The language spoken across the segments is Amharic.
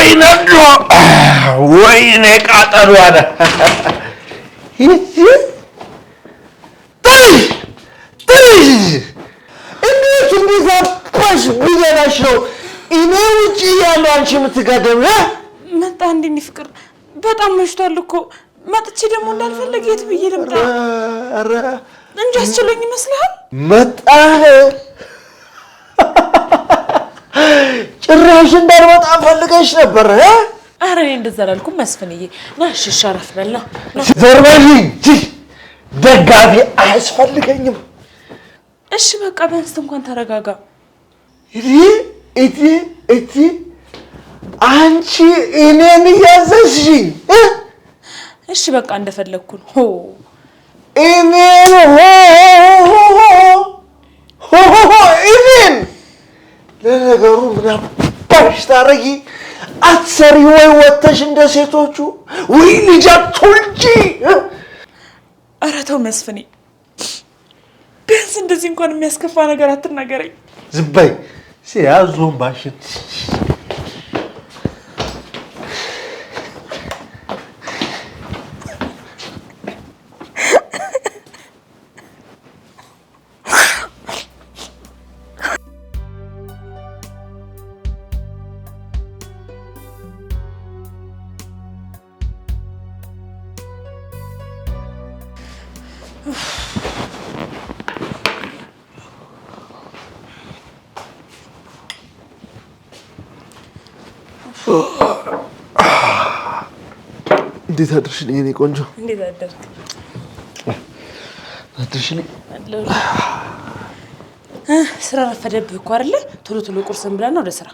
ወይነ ድሮ ወይኔ ቃጠሎ አለ። እንዴት እንደዛባሽ ብዘናሽ ነው እኔ ውጭ እያለሁ አንቺ የምትጋደም መጣ። እንዲህ ፍቅር በጣም መሽቷል እኮ መጥቼ ደግሞ እንዳልፈለግ የት ብዬ ልምጣ እንጂ አስችለኝ ይመስልሃል? መጣ ጭራሽ እንዳልመጣ ፈልገሽ ነበር። አረ እኔ እንደዛ አላልኩም መስፍንዬ። ና እሺ፣ እሺ፣ አረፍ በል ና። እንጂ ደጋፊ አያስፈልገኝም። እሺ በቃ ቢያንስ እንኳን ተረጋጋ። እቴ እቴ እቴ አንቺ እኔን እያዘዝሽኝ። እሺ በቃ እንደፈለግኩ ነው እኔን ለነገሩ ምናባሽ ታረጊ አትሰሪ ወይ ወተሽ እንደ ሴቶቹ ወይ ልጅ አትወልጂ። ኧረ ተው መስፍኔ፣ ቢያንስ እንደዚህ እንኳን የሚያስከፋ ነገር አትናገረኝ። ዝም በይ ሲያዞን ባሽን እንዴት አድርሽልኝ የእኔ ቆንጆ? እንዴት አደርክ? አድርሽልኝ። ስራ ረፈደብህ እኮ አይደለ? ቶሎ ቶሎ ቁርስን ብላና ወደ ስራ።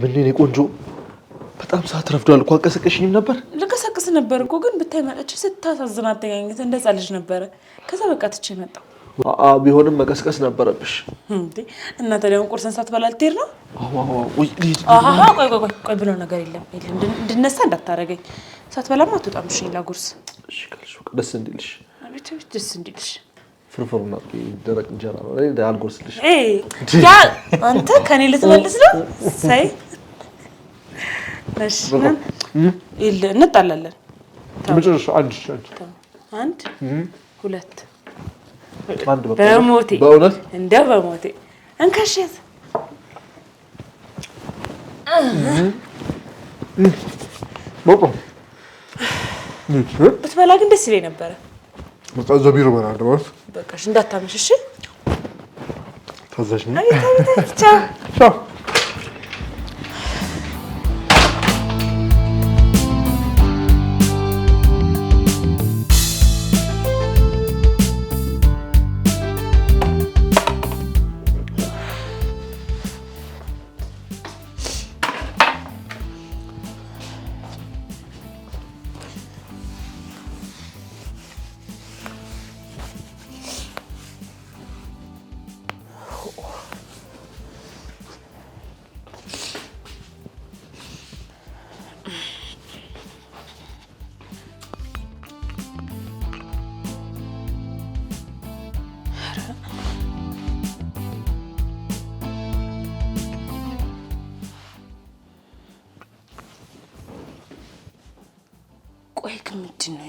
ምን የእኔ ቆንጆ፣ በጣም ሰዓት ረፍዷል እኮ አንቀሰቀሽኝም ነበር። ልቀሰ ነበር እኮ ግን ብታይ መጣች ስታሳዝን አተኛኘት እንደ ጻ ልጅ ነበረ። ከዛ በቃ ትቼ መጣሁ። ቢሆንም መቀስቀስ ነበረብሽ እና ታዲያ አሁን ቁርስን ሳትበላ ልትሄድ ነው? ቆይ ቆይ ብሎ ነገር የለም እንድነሳ እንዳታረገኝ። ሳትበላማ አትወጣም። እሺ ጉርስ ደስ እንዲልሽ ደስ እንዲልሽ ፍርፍርና ደረቅ እንጀራ ነው። አልጎርስልሽ። አንተ ከኔ ልትመልስ ነው ሳይ እንጣላለን። መጨረሻ አንድ አንድ ሁለት በሞቴ እንደ በሞቴ እንከሸት ብትበላ ግን ደስ ይለኝ ነበረ። በቃ ቢሮ እበላለሁ ማለት እንዳታመሽ። እሺ ታዛዥ ነኝ።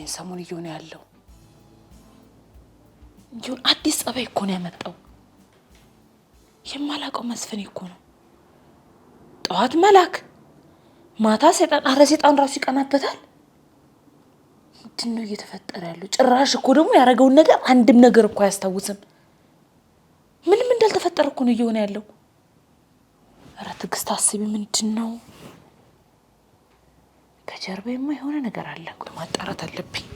ይሄን ሰሞን እየሆነ ያለው ይሁን አዲስ ጸባይ እኮ ነው ያመጣው። የማላውቀው መስፍን እኮ ነው። ጠዋት መላክ፣ ማታ ሰይጣን። አረ ሰይጣን ራሱ ይቀናበታል። ምንድን ነው እየተፈጠረ ያለው? ጭራሽ እኮ ደግሞ ያደረገውን ነገር አንድም ነገር እኮ አያስታውስም። ምንም እንዳልተፈጠረ እኮ ነው እየሆነ ያለው። እረ ትዕግስት አስቢ። ምንድን ነው ከጀርባማ የሆነ ነገር አለ። ማጣራት አለብኝ።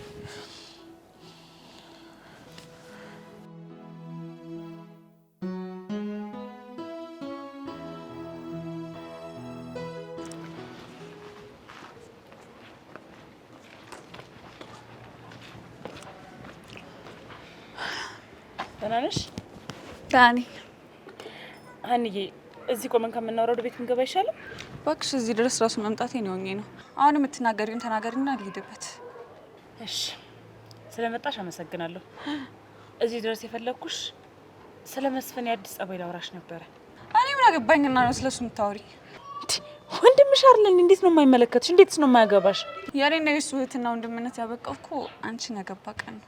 ዳኒ? እዚህ ቆመን ከምናወራው ቤት እንገባ አይሻልም? እባክሽ እዚህ ድረስ ራሱ መምጣቴ ነው ሆኜ ነው። አሁን የምትናገሪውን ተናገሪና ልሂድበት። እሺ ስለመጣሽ አመሰግናለሁ። እዚህ ድረስ የፈለግኩሽ ስለ መስፍን የአዲስ ጸባይ ላውራሽ ነበረ። እኔ ምን አገባኝና ነው ስለሱ የምታወሪ? ወንድምሽ አይደለን? እንዴት ነው የማይመለከትሽ? እንዴትስ ነው የማያገባሽ? የኔና የሱ እህትና ወንድምነት ያበቃው እኮ አንቺን ያገባ ቀን ነው።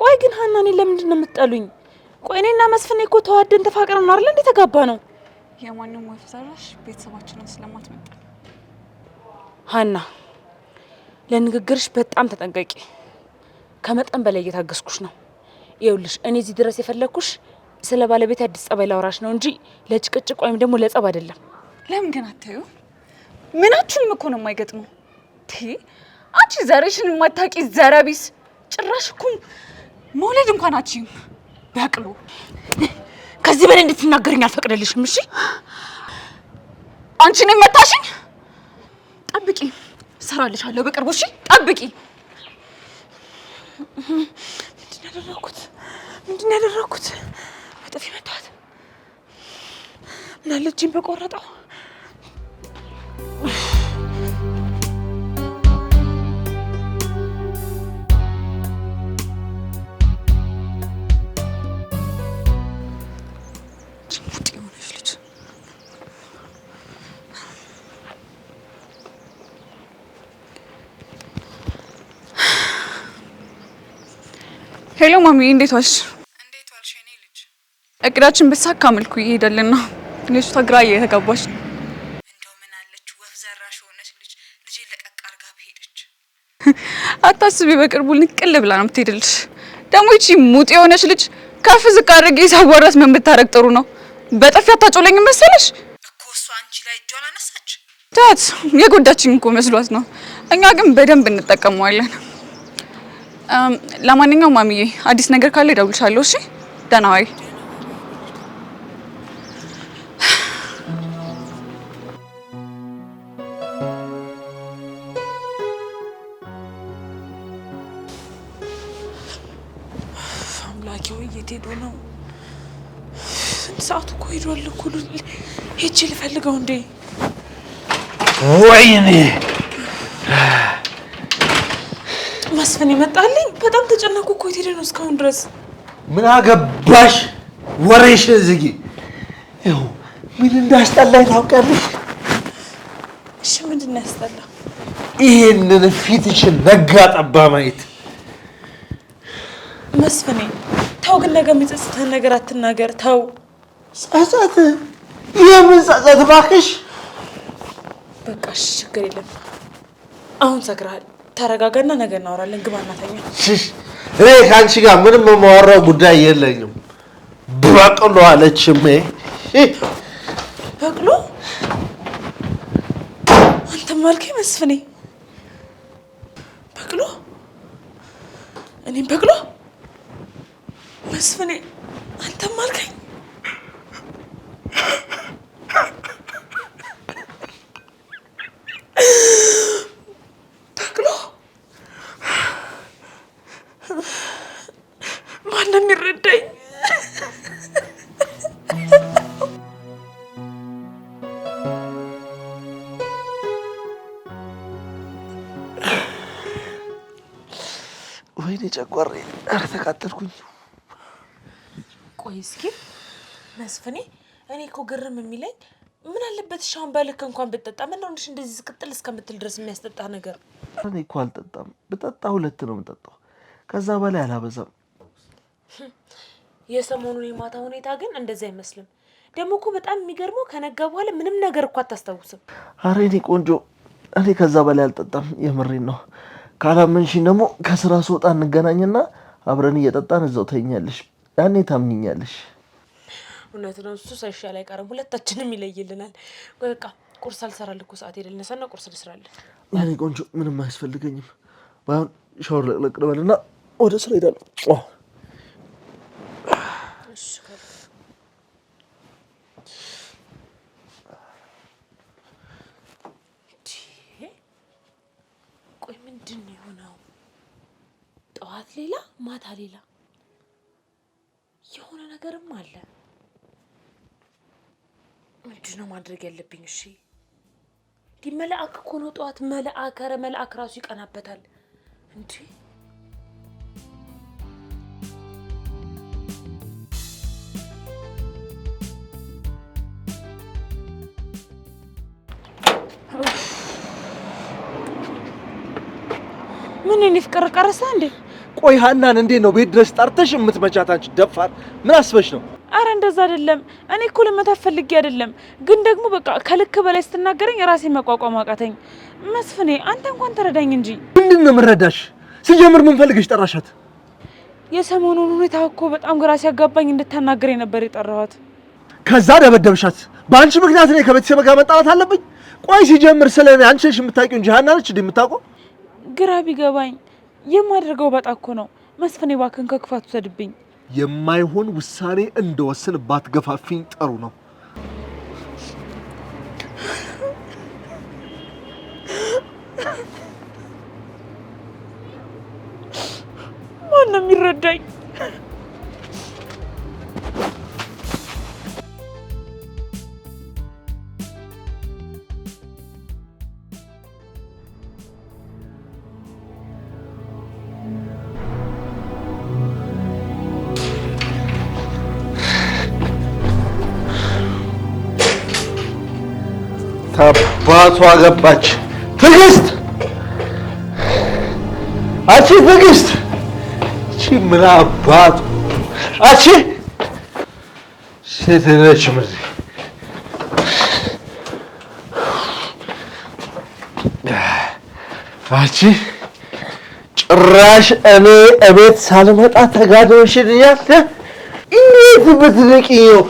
ቆይ ግን ሀና፣ እኔ ለምንድን ነው የምትጠሉኝ? ቆይ እኔና መስፍን እኮ ተዋደን ተፋቅረን ነው አይደል እንዴ ተጋባ ነው የማንም ወፍ ዘራሽ ቤተሰባችንን ስለማትመጣ ሀና፣ ለንግግርሽ በጣም ተጠንቀቂ። ከመጠን በላይ እየታገስኩሽ ነው። ይኸውልሽ እኔ እዚህ ድረስ የፈለግኩሽ ስለ ባለቤት አዲስ ጸባይ ላውራሽ ነው እንጂ ለጭቅጭቅ ወይም ደግሞ ለጸብ አይደለም። ለምን ግን አታዩ? ምናችሁንም እኮ ነው የማይገጥመው። አንቺ ዘርሽን የማታውቂ ዘረቢስ፣ ጭራሽ እኮ መውለድ እንኳን አችም በቅሎ ከዚህ በላይ እንድትናገርኝ አልፈቅደልሽም። እሺ አንቺ ነኝ መታሽኝ። ጠብቂ፣ እሰራልሻለሁ በቅርቡ። እሺ ጠብቂ። ምንድን ያደረኩት? ምንድን ያደረኩት? በጥፊ መታት። በቆረጠው ሄሎ ማሚ፣ እንዴት ዋልሽ? እንዴት ዋልሽ የኔ ልጅ? እቅዳችን በሳካ መልኩ እየሄደልን ነው። ልጅቷ ግራ እየተጋባች ነው። እንደው ምን አለች ወፍ ዘራሽ የሆነች ልጅ ልጅ ለቀቅ አርጋ ብሄደች። አታስቢ፣ በቅርቡ ንቅል ብላ ነው የምትሄድልሽ። ደግሞ ይቺ ሙጥ የሆነች ልጅ ከፍ ዝቅ አድርጌ ሳዋራት ምን ብታረግ ጥሩ ነው? በጥፊ አታጮለኝ መሰለሽ እኮ እሷ አንቺ ላይ እጇን አነሳች። ታት የጎዳችን እኮ መስሏት ነው። እኛ ግን በደንብ እንጠቀመዋለን። ለማንኛውም ማሚዬ አዲስ ነገር ካለ እደውልልሻለሁ። እሺ ደህና ዋይ። አምላኬ ወይ የት ሄዶ ነው? ሰዓቱ እኮ ሄዷል እኮ ልፈልገው እንዴ? ወይኔ ነው የመጣልኝ። በጣም ተጨነኩ እኮ የት ሄደህ ነው እስካሁን ድረስ? ምን አገባሽ? ወሬሽን ዝጊ። ይኸው ምን እንዳስጠላኝ ታውቂያለሽ? እሺ ምንድን ነው ያስጠላ? ይህንን ፊትሽን ነጋ ጠባ ማየት። መስፍኔ ተው ግን፣ ነገ የሚጸጽትህን ነገር አትናገር። ተው። ጸጸት? የምን ጸጸት? እባክሽ በቃ ችግር የለም። አሁን ሰክረሃል ተረጋጋና ነገ እናወራለን። ግባ እናተኛ። እኔ ከአንቺ ጋር ምንም የማወራው ጉዳይ የለኝም። በቅሎ አለች። በቅሎ አንተም አልከኝ መስፍኔ። በቅሎ እኔም በቅሎ መስፍኔ አንተም አልከኝ። እንደሚረዳኝ ወይኔ ጨጓሬ፣ ኧረ ተቃጠልኩኝ። ቆይ እስኪ መስፍኔ፣ እኔ እኮ ግርም የሚለኝ ምን አለበት ሻውን በልክ እንኳን ብጠጣ፣ ምን እንደዚህ ዝቅጥል እስከምትል ድረስ የሚያስጠጣ ነገር? እኔ እኮ አልጠጣም። ብጠጣ ሁለት ነው የምጠጣው፣ ከዛ በላይ አላበዛም። የሰሞኑ የማታ ሁኔታ ግን እንደዚ አይመስልም። ደግሞ እኮ በጣም የሚገርመው ከነጋ በኋላ ምንም ነገር እኮ አታስታውስም። አረ እኔ ቆንጆ፣ እኔ ከዛ በላይ አልጠጣም። የምሬን ነው። ካላመንሽኝ ደግሞ ከስራ ስወጣ እንገናኝና አብረን እየጠጣን እዛው ተኛለሽ። ያኔ ታምኝኛለሽ። እውነት ነው። እሱ ሳይሻል አይቀርም። ሁለታችንም ይለይልናል። በቃ ቁርስ አልሰራል እኮ ሰዓት የደልነሳና ቁርስ ልስራልህ። ያኔ ቆንጆ፣ ምንም አያስፈልገኝም። ባይሆን ሻወር ለቅለቅ ልበልና ወደ ስራ ሄዳለሁ። ሌላ የሆነ ነገርም አለ። ምንድን ነው ማድረግ ያለብኝ? እሺ እንዲ መልአክ እኮ ነው። ጠዋት መልአክ ኧረ መልአክ ራሱ ይቀናበታል እንዲ ምን ፍቅር ቀረሳ እንዴ? ቆይ ሀናን እንዴት ነው ቤት ድረስ ጠርተሽ የምትመቻት? አንቺ ደፋር ምን አስበሽ ነው? አረ እንደዛ አይደለም። እኔ እኮ ልመታት ፈልጌ አይደለም፣ ግን ደግሞ በቃ ከልክ በላይ ስትናገረኝ ራሴ መቋቋም አቃተኝ። መስፍኔ አንተ እንኳን ተረዳኝ እንጂ። ምንድን ነው የምረዳሽ? ስጀምር ምን ፈልገሽ ጠራሻት? የሰሞኑን ሁኔታ እኮ በጣም ግራ ሲያጋባኝ እንድታናገር ነበር የጠራኋት። ከዛ ደበደብሻት። በአንቺ ምክንያት እኔ ከቤተሰብ ጋር መጣላት አለብኝ? ቆይ ሲጀምር ስለ እኔ አንቺ ነሽ የምታውቂው እንጂ ሀናነች ነች የምታውቀው? ግራ ቢገባኝ የማደርገው በጣኮ ነው መስፍኔ፣ ባክን ከክፋት ውሰድብኝ። የማይሆን ውሳኔ እንደወስን ባትገፋፊኝ ጥሩ ነው። ማነው የሚረዳኝ? ባቷ ገባች። ትዕግስት አቺ ትዕግስት እቺ ምን አባቱ አቺ ሴት ነች። ምን አቺ ጭራሽ እኔ እቤት ሳልመጣ ተጋድመሽኛል። እንዴት ብትንቂ ነው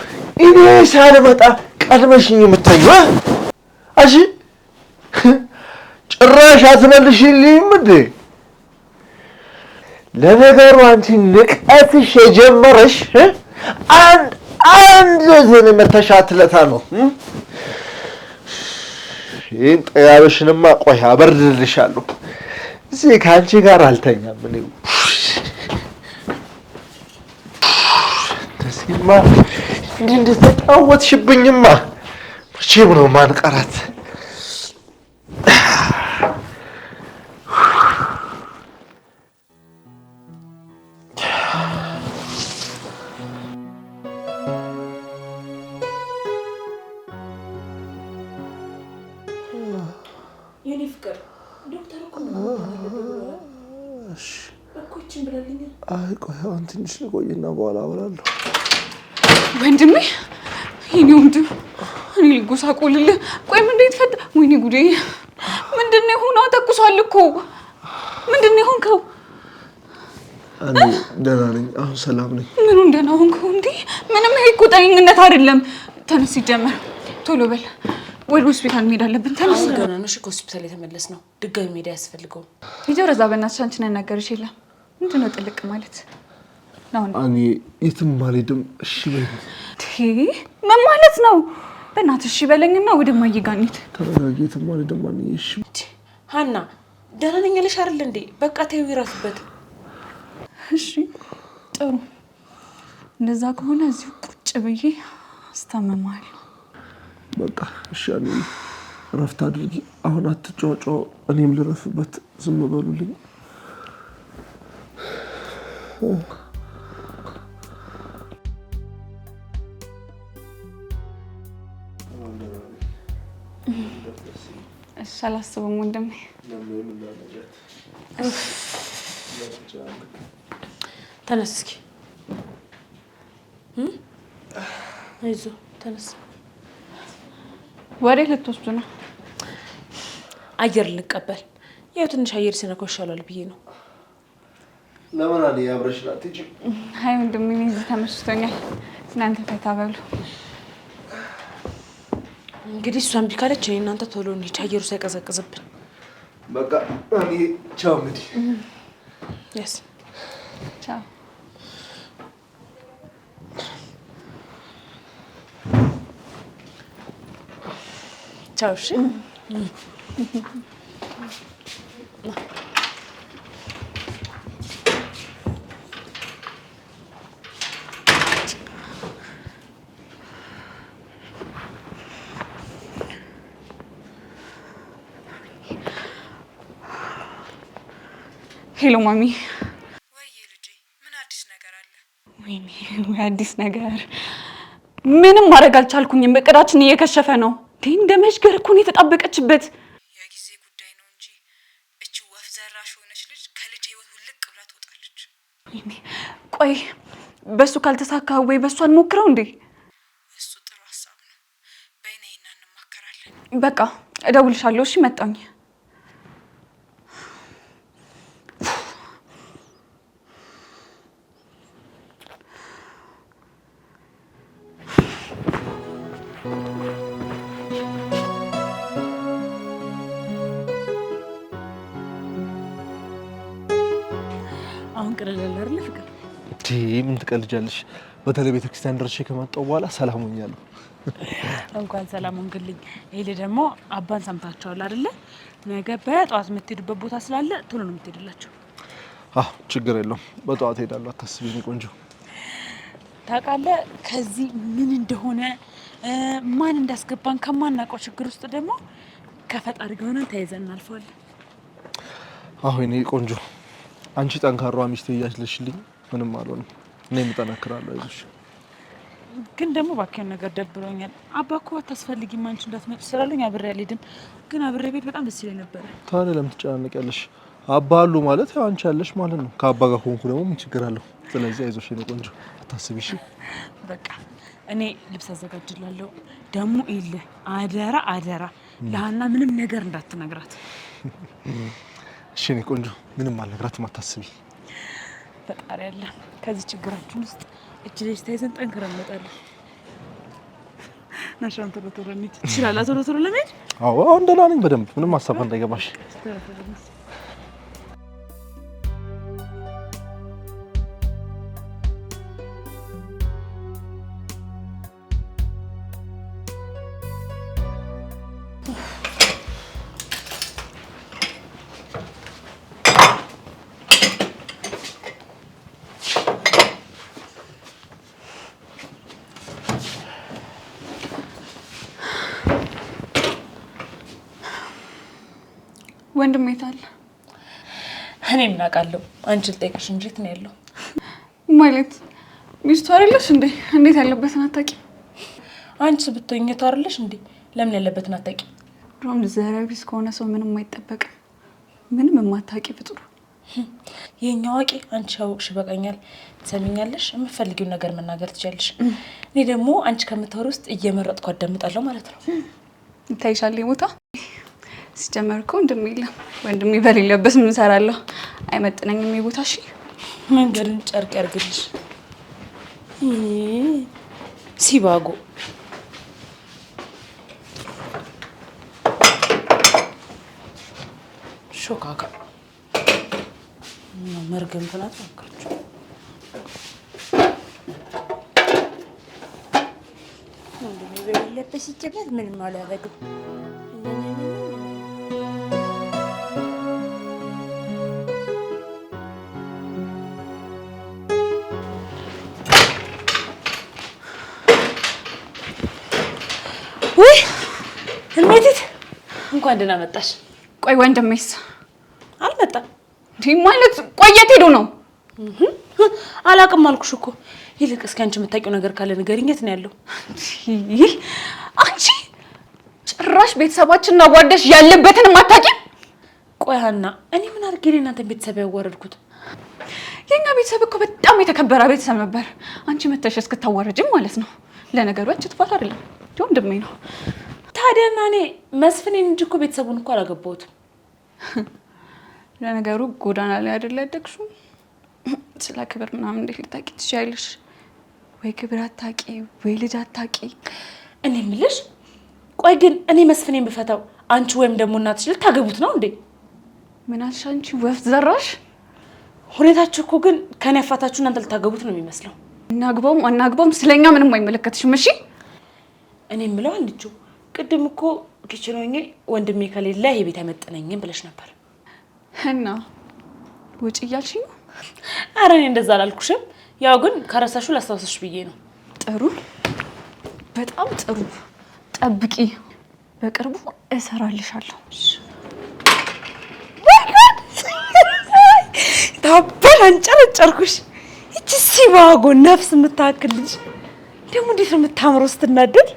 እኔ ሳልመጣ ቀድመሽኝ የምታየው? አሺ ጭራሽ አትመልሽልኝም እንዴ? ለነገሩ አንቺ ንቀትሽ የጀመረሽ አንድ አንድ ዘን መተሻትለታ ነው። ይህን ጥጋብሽንማ ቆይ አበርድልሻለሁ። እዚህ ከአንቺ ጋር አልተኛም እኔ እንደዚህ እንድትጫወትሽብኝማ መቼም ነው ማንቀራት። አይ ቆይ አሁን ትንሽ ልቆይና በኋላ አብላለሁ። ጎሳቆልልህ። ቆይ ምንድን ፈ ወይኔ ጉዴ! ምንድን ነው የሆነው? ተኩሷል እኮ ምንድን ነው የሆንከው? ደህና ነኝ፣ አሁን ሰላም ነኝ። ምኑን ደህና ሆንከው? እንዲህ ምንም ይሄ እኮ ጤንነት አይደለም። ተነስ፣ ሲጀመር ቶሎ በል። ወደ ሆስፒታል መሄድ አለብን። ተነስ። ገና ነሽ እኮ ሆስፒታል የተመለስ ነው። ድጋሚ መሄድ አያስፈልገውም። የጆሮ እዛ በእናትሽ አንቺን ያናገርሽ የለም። ምንድን ነው ጥልቅ ማለት ነው? የትም አልሄድም። እሺ በይ። ምን ማለት ነው? በእናትሽ እሺ በለኝና ወደ እማዬ ጋር እንሂድ። ተረጋጊ። የትም አልሄድም። እሺ ሀና ደህና ነኝ አለሽ አይደል እንዴ? በቃ ተይው ይረፍበት። እሺ ጥሩ። እንደዛ ከሆነ እዚሁ ቁጭ ብዬ አስታመማለሁ። በቃ እሺ አለ እረፍት አድርጊ። አሁን አትጫጫ፣ እኔም ልረፍበት። ዝም በሉልኝ። አላስብም ወንድሜ። ተነስ እስኪ አይዞህ፣ ተነስ። ወዴት ልትወስዱ ነው? አየር ልቀበል። ያው ትንሽ አየር ሲነካው ይሻላል ብዬ ነው። ለምን አለ አብረሽ ናት። አይ ወንድሜ፣ እዚህ ተመችቶኛል። እናንተ ፈታ በሉ። እንግዲህ እሷ እምቢ ካለች እኔ እናንተ ቶሎ እንሂድ፣ አየሩ ሳይቀዘቅዝብን። በቃ እኔ ቻው። እንግዲህ ያስ ቻው። ቻው። እሺ ሄሎ ማሚ። ልጄ፣ ምን አዲስ ነገር አለ? ወይኔ፣ ወይ አዲስ ነገር። ምንም ማድረግ አልቻልኩኝም። እቅዳችን እየከሸፈ ነው። እንደ መሽገር እኮ ነው የተጣበቀችበት። የጊዜ ጉዳይ ነው እንጂ እች ወፍ ዘራሽ የሆነች ልጅ ከልጅ ህይወት ውልቅ ብላ ትወጣለች። ቆይ በእሱ ካልተሳካ ወይ በእሱ አልሞክረው እንዴ? እሱ ጥሩ ሀሳብ ነው። በይና ይና እንማከራለን። በቃ እደውልሻለሁ። እሺ መጣኝ ይቀልላል አይደል ፍቅር? እንዴ ምን ትቀልጃለሽ? በተለይ ቤተክርስቲያን ደርሼ ከመጣሁ በኋላ ሰላም ሆኛለሁ። እንኳን ሰላም ሆንክልኝ። ይሄ ደግሞ አባን ሰምታቸዋል አይደለ? ነገ በጠዋት የምትሄዱበት ቦታ ስላለ ቶሎ ነው የምትሄድላቸው። አዎ ችግር የለውም በጠዋት ሄዳለሁ። አታስቢ የእኔ ቆንጆ። ታውቃለህ ከዚህ ምን እንደሆነ ማን እንዳስገባን ከማናውቀው ችግር ውስጥ ደግሞ ከፈጣሪ ጋር ሆነን ተያይዘን እናልፈዋለን። አዎ የእኔ ቆንጆ አንቺ ጠንካሯ ሚስቴ እያለሽልኝ ምንም አልሆንም። እኔም እጠነክራለሁ። አይዞሽ። ግን ደግሞ እባክህን ነገር ደብሮኛል። አባ እኮ አታስፈልጊም አንቺ እንዳትመጪ ስላለኝ አብሬ አልሄድም። ግን አብሬ ቤት በጣም ደስ ይለኝ ነበረ። ታዲያ ለምን ትጨናነቂያለሽ? አባ አሉ ማለት ያው አንቺ ያለሽ ማለት ነው። ከአባ ጋር ከሆንኩ ደግሞ ምን ችግር አለው? ስለዚህ አይዞሽ የእኔ ቆንጆ አታስቢ እሺ። በቃ እኔ ልብስ አዘጋጅላለሁ። ደግሞ ይኸውልህ አደራ አደራ ለሀና ምንም ነገር እንዳትነግራት እሺ እኔ ቆንጆ ምንም አልነግራትም፣ አታስቢ። ፈጣሪ አለ። ከዚህ ችግራችን ውስጥ እጅ ልጅ ተይዘን ጠንክረን እንመጣለን። ናሽራም ቶሎ ቶሎ እንሂድ። ትችላለህ ቶሎ ቶሎ ለመሄድ? አዎ እንደላ ነኝ በደንብ ምንም ሀሳብ እንዳይገባሽ። ወንድም የት አለ? እኔ ምን አውቃለሁ? አንቺ ልጠይቅሽ እንጂ የት ነው ያለው? ማለት ሚስቱ አይደለሽ እንዴ? እንዴት ያለበትን አታውቂም? አንቺ ብትሆኝ የቱ አይደለሽ እንዴ? ለምን ያለበትን አታውቂም? ድሮም ዘረቢስ ከሆነ ሰው ምንም አይጠበቅም። ምንም የማታውቂ ፍጡር። የኛ አዋቂ አንቺ ያወቅሽ ይበቃኛል። ትሰሚኛለሽ? የምፈልጊውን ነገር መናገር ትችያለሽ። እኔ ደግሞ አንቺ ከምታወሪ ውስጥ እየመረጥኩ አዳምጣለሁ ማለት ነው። ይታይሻል ቦታ ሲጀመር እኮ ወንድሜ የለም። ወንድሜ በሌለበት ምን እሰራለሁ? አይመጥነኝም። የሚቦታ እሺ፣ መንገድን ጨርቅ ያርግልሽ። ሲባጎ ሾካካ መርገም ትናት አካቸው በሌለበት ሲጀመር ምንም አላደርግም። እንኳን ደህና መጣሽ። ቆይ ወንድሜስ አልመጣም? ይህ ማለት ቆየት ሄዶ ነው? አላቅም አልኩሽ እኮ። ይልቅ እስኪ አንቺ የምታውቂው ነገር ካለ ንገሪኝ። የት ነው ያለው? አንቺ ጭራሽ ቤተሰባችንን አዋርደሽ ያለበትን አታውቂም። ቆይ ሀና፣ እኔ ምን አድርጌ እናንተን ቤተሰብ ያዋረድኩት? የኛ ቤተሰብ እኮ በጣም የተከበረ ቤተሰብ ነበር። አንቺ መተሽ እስክታዋረጅም ማለት ነው። ለነገሩ አንቺ ጥፋት አይደለም ወንድሜ ነው። ታዲያና እኔ መስፍኔን እንጂ እኮ ቤተሰቡን እኮ አላገባሁትም። ለነገሩ ጎዳና ላይ አይደለ ያደግሽው። ስለ ክብር ምናምን እንዴት ልታውቂ ትችያለሽ? ወይ ክብር አታቂ፣ ወይ ልጅ አታቂ እኔ የምልሽ ቆይ ግን እኔ መስፍኔን ብፈታው አንቺ ወይም ደግሞ እናትሽ ልታገቡት ነው እንዴ? ምን አልሽ አንቺ ወፍ ዘራሽ? ሁኔታችሁ እኮ ግን ከኔ አፋታችሁ እናንተ ልታገቡት ነው የሚመስለው። እናግባውም አናግባውም ስለኛ ምንም አይመለከትሽም። እሺ እኔ የምለው አንድችው ቅድም እኮ ኪችን ሆኜ ወንድሜ ከሌለ ይሄ ቤት አይመጥነኝም ብለሽ ነበር እና ውጭ እያልሽ ነው? አረ እኔ እንደዛ አላልኩሽም። ያው ግን ከረሳሹ ላስታውሰሽ ብዬ ነው። ጥሩ፣ በጣም ጥሩ። ጠብቂ፣ በቅርቡ እሰራልሻለሁ። ታበል አንጨረጨርኩሽ። ይቺ ሲባጎ ነፍስ የምታክልሽ ደግሞ እንዴት ነው የምታምረው ስትናደድ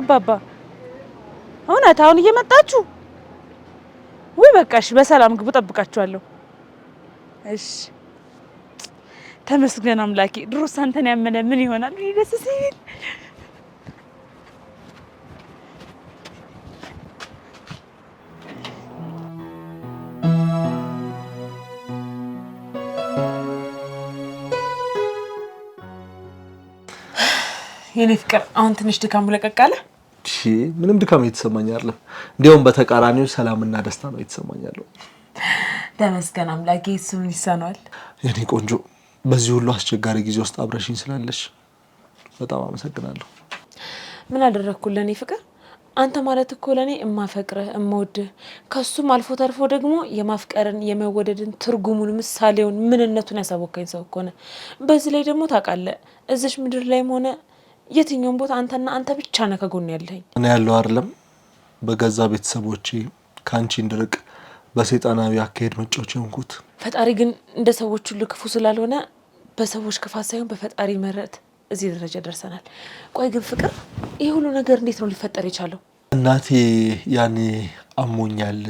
አባባ? እውነት አሁን እየመጣችሁ? ውይ በቃሽ፣ በሰላም ግቡ፣ ጠብቃችኋለሁ። እሺ ተመስገን አምላኬ። ድሮስ አንተን ያመነ ምን ይሆናል? ደስ ሲል የኔ ፍቅር አሁን ትንሽ ድካም ለቀቅ አለ። ምንም ድካም እየተሰማኝ አይደለም። እንዲያውም በተቃራኒው ሰላምና ደስታ ነው እየተሰማኝ ያለው። ተመስገን አምላኬ፣ ስምን ይሳነዋል። የኔ ቆንጆ፣ በዚህ ሁሉ አስቸጋሪ ጊዜ ውስጥ አብረሽኝ ስላለሽ በጣም አመሰግናለሁ። ምን አደረግኩ ለእኔ ፍቅር? አንተ ማለት እኮ ለእኔ እማፈቅርህ እመወድህ፣ ከሱም አልፎ ተርፎ ደግሞ የማፍቀርን የመወደድን ትርጉሙን፣ ምሳሌውን፣ ምንነቱን ያሳወካኝ ሰው እኮ ነህ። በዚህ ላይ ደግሞ ታውቃለህ እዚች ምድር ላይም ሆነ የትኛውም ቦታ አንተና አንተ ብቻ ነህ ከጎን ያለኝ። እኔ ያለው አይደለም በገዛ ቤተሰቦቼ ከአንቺ እንድርቅ በሰይጣናዊ አካሄድ መጫወች የሆንኩት። ፈጣሪ ግን እንደ ሰዎች ሁሉ ክፉ ስላልሆነ በሰዎች ክፋት ሳይሆን በፈጣሪ መረት እዚህ ደረጃ ደርሰናል። ቆይ ግን ፍቅር፣ ይህ ሁሉ ነገር እንዴት ነው ሊፈጠር የቻለው? እናቴ ያኔ አሞኛል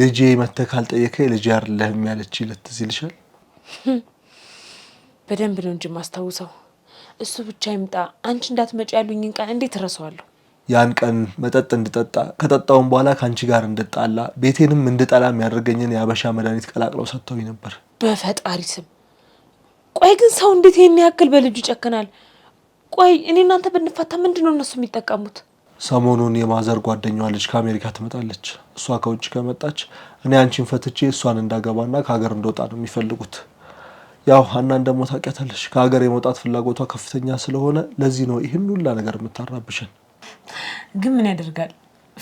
ልጄ መተህ ካልጠየከኝ ልጄ አይደለህም ያለች ይለት ይልሻል። በደንብ ነው እንጂ ማስታውሰው እሱ ብቻ ይምጣ። አንቺ እንዳትመጪ ያሉኝን ቀን እንዴት እረሳዋለሁ? ያን ቀን መጠጥ እንድጠጣ ከጠጣውን በኋላ ከአንቺ ጋር እንድጣላ ቤቴንም እንድጠላም ያደርገኝን የአበሻ መድኃኒት ቀላቅለው ሰጥተውኝ ነበር። በፈጣሪ ስም ቆይ ግን ሰው እንዴት ይህን ያክል በልጁ ይጨክናል? ቆይ እኔ እናንተ ብንፋታ ምንድን ነው እነሱ የሚጠቀሙት? ሰሞኑን የማዘር ጓደኛዋ ልጅ ከአሜሪካ ትመጣለች። እሷ ከውጭ ከመጣች እኔ አንቺን ፈትቼ እሷን እንዳገባና ከሀገር እንደወጣ ነው የሚፈልጉት። ያው ሀናን ደግሞ ታውቂያታለሽ፣ ከሀገር የመውጣት ፍላጎቷ ከፍተኛ ስለሆነ ለዚህ ነው ይህን ሁላ ነገር የምታራብሸን። ግን ምን ያደርጋል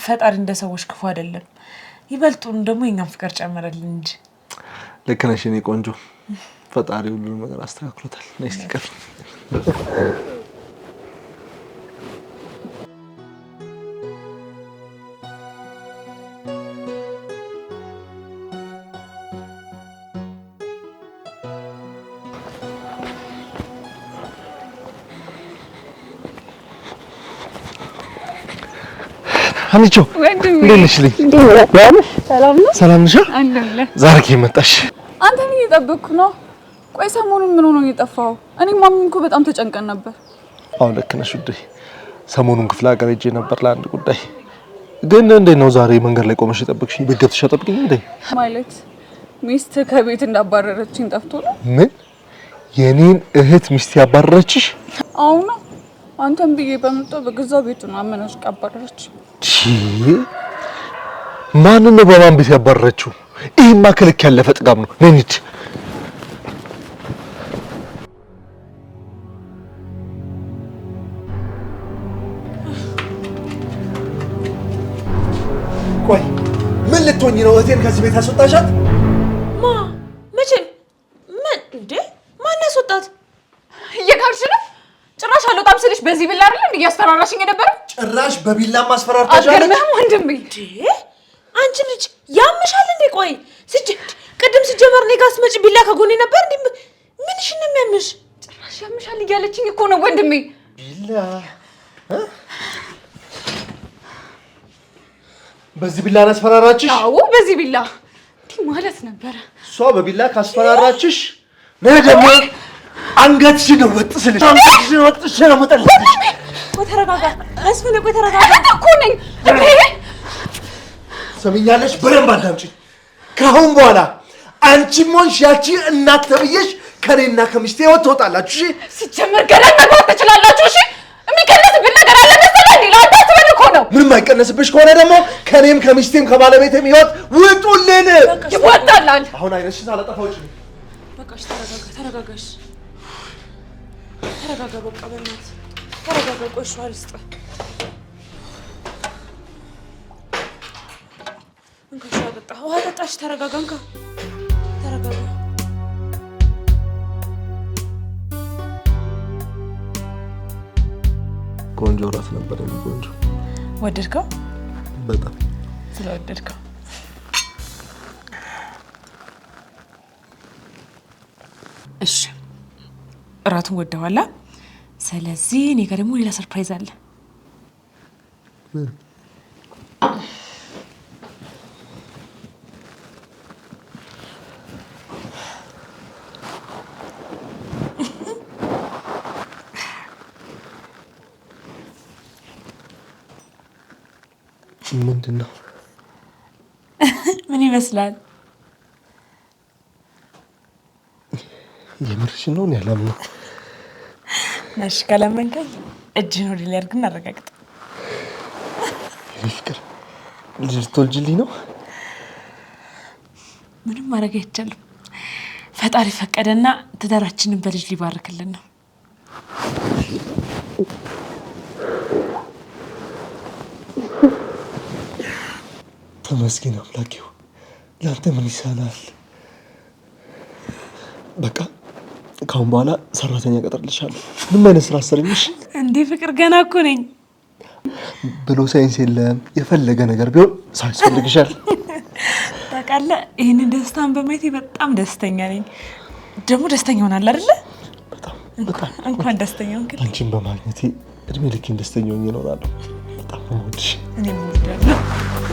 ፈጣሪ እንደ ሰዎች ክፉ አይደለም። ይበልጡን ደግሞ የኛም ፍቅር ጨመረልን እንጂ። ልክ ነሽ የኔ ቆንጆ፣ ፈጣሪ ሁሉንም ነገር አስተካክሎታል። ነይ እስኪ ቀር አንቺው እንዴት ነሽ? ሰላም ነሽ? ዛሬ የመጣሽ አንተ ምን እየጠበቅኩ ነው? ቆይ ሰሞኑን ምን ሆኖ ነው የጠፋኸው? እኔ ማሚም እኮ በጣም ተጨንቀን ነበር። አሁን ልክ ነሽ ውዴ። ሰሞኑን ክፍለ ሀገር ሄጄ ነበር ለአንድ ጉዳይ። ግን እንዴት ነው ዛሬ መንገድ ላይ ቆመሽ የጠበቅሽኝ? ቤት ገብተሽ አጠብቅኝ እንዴ? ማለት ሚስት ከቤት እንዳባረረችኝ ጠፍቶ ነው? ምን የኔን እህት ሚስት ያባረረችሽ? አሁን አንተም ብዬ በምጦ በገዛ ቤቱ ነው አመናጭ አባረረችኝ። ማንን ነው በማን ቤት ያባረረችው? ይሄማ ከልክ ያለፈ ጥጋብ ነው። ነይ ቆይ ምን ልትሆኝ ነው? እህቴን ከዚህ ቤት አስወጣሻት? ማ መቼም ምን እንዴ? ማን ያስወጣት? እየካርሽ ነው። ጭራሽ አልወጣም ስልሽ በዚህ ብል አይደል እንዴ እያስፈራራሽኝ የነበረው ጭራሽ በቢላ ማስፈራር አገርምህ ወንድም አንቺ ልጅ ያምሻል እንዴ? ቆይ ስጅ ቅድም ስጀመር እኔ ጋር ስትመጪ ቢላ ከጎኔ ነበር እንዴ? ምንሽ ነው የሚያምሽ? ጭራሽ ያምሻል እያለችኝ እኮ ነው ወንድሜ። ቢላ በዚህ ቢላ አስፈራራችሽ አዎ በዚህ ቢላ እንዲህ ማለት ነበረ። እሷ በቢላ ካስፈራራችሽ ነይ ደግሞ አንገትሽን ወጥስልሽ፣ አንገትሽን ወጥስልሽ ነው መጠልሽ ቆይ ተረጋጋ። መስፍን ቆይ ተረጋጋ እኮ ነኝ። ሰሚኛለሽ፣ በደንብ አዳምጪኝ። ከአሁን በኋላ አንቺም ሆንሽ ያቺ እናት ተብዬሽ ከኔና ከሚስቴ ህይወት ትወጣላችሁ። እሺ? ሲጀመር ገለን መግባት ትችላላችሁ። እሺ? የሚቀነስብን ነገር አለ መሰለህ? ለአንተ አስበን እኮ ነው። ምንም አይቀነስብሽ ከሆነ ደግሞ ከኔም ከሚስቴም ከባለቤቴም ህይወት ውጡልን። ይወጣላል። አሁን አይነሽ አላጠፋው ጭ በቃሽ። ተረጋጋ፣ ተረጋጋሽ፣ ተረጋጋ። በቃ በእናትህ ተረጋጋ። ቆይ እሺ፣ አልስጥ እንካ፣ እሺ፣ ጠጣ። ውሃ ጠጣሽ። ተረጋጋ። እንካ፣ ተረጋጋ። ቆንጆ እራት ነበር። ቆንጆ ወደድከው? በጣም ስለወደድከው እሺ እራቱን ወደኋላ 30 يقدموا لي لا سربريز هلا من النهر مني مسلان يا مرشنوني على منك እሺ ከለመንከኝ እጅን ወደ ላይ አድርግና አረጋግጥ። ፍቅር ልጅ ልትወልጂልኝ ነው? ምንም ማድረግ አይቻልም። ፈጣሪ ፈቀደና ትዳራችንን በልጅ ሊባርክልን ነው። ተመስገን አምላኬው። ለአንተ ምን ይሳናል? በቃ ከአሁን በኋላ ሰራተኛ ቀጥርልሻለሁ። ምንም አይነት ስራ አሰረኝ። እሺ እንዴ ፍቅር፣ ገና እኮ ነኝ ብሎ ሳይንስ የለም። የፈለገ ነገር ቢሆን ሳይስፈልግሻል። ታውቃለህ፣ ይህንን ደስታን በማየቴ በጣም ደስተኛ ነኝ። ደግሞ ደስተኛ ሆናል አይደለ? እንኳን ደስተኛ ሆንክ። አንቺን በማግኘቴ እድሜ ልኬን ደስተኛ ሆኜ እኖራለሁ። በጣም እወድሽ። እኔም እወዳለሁ።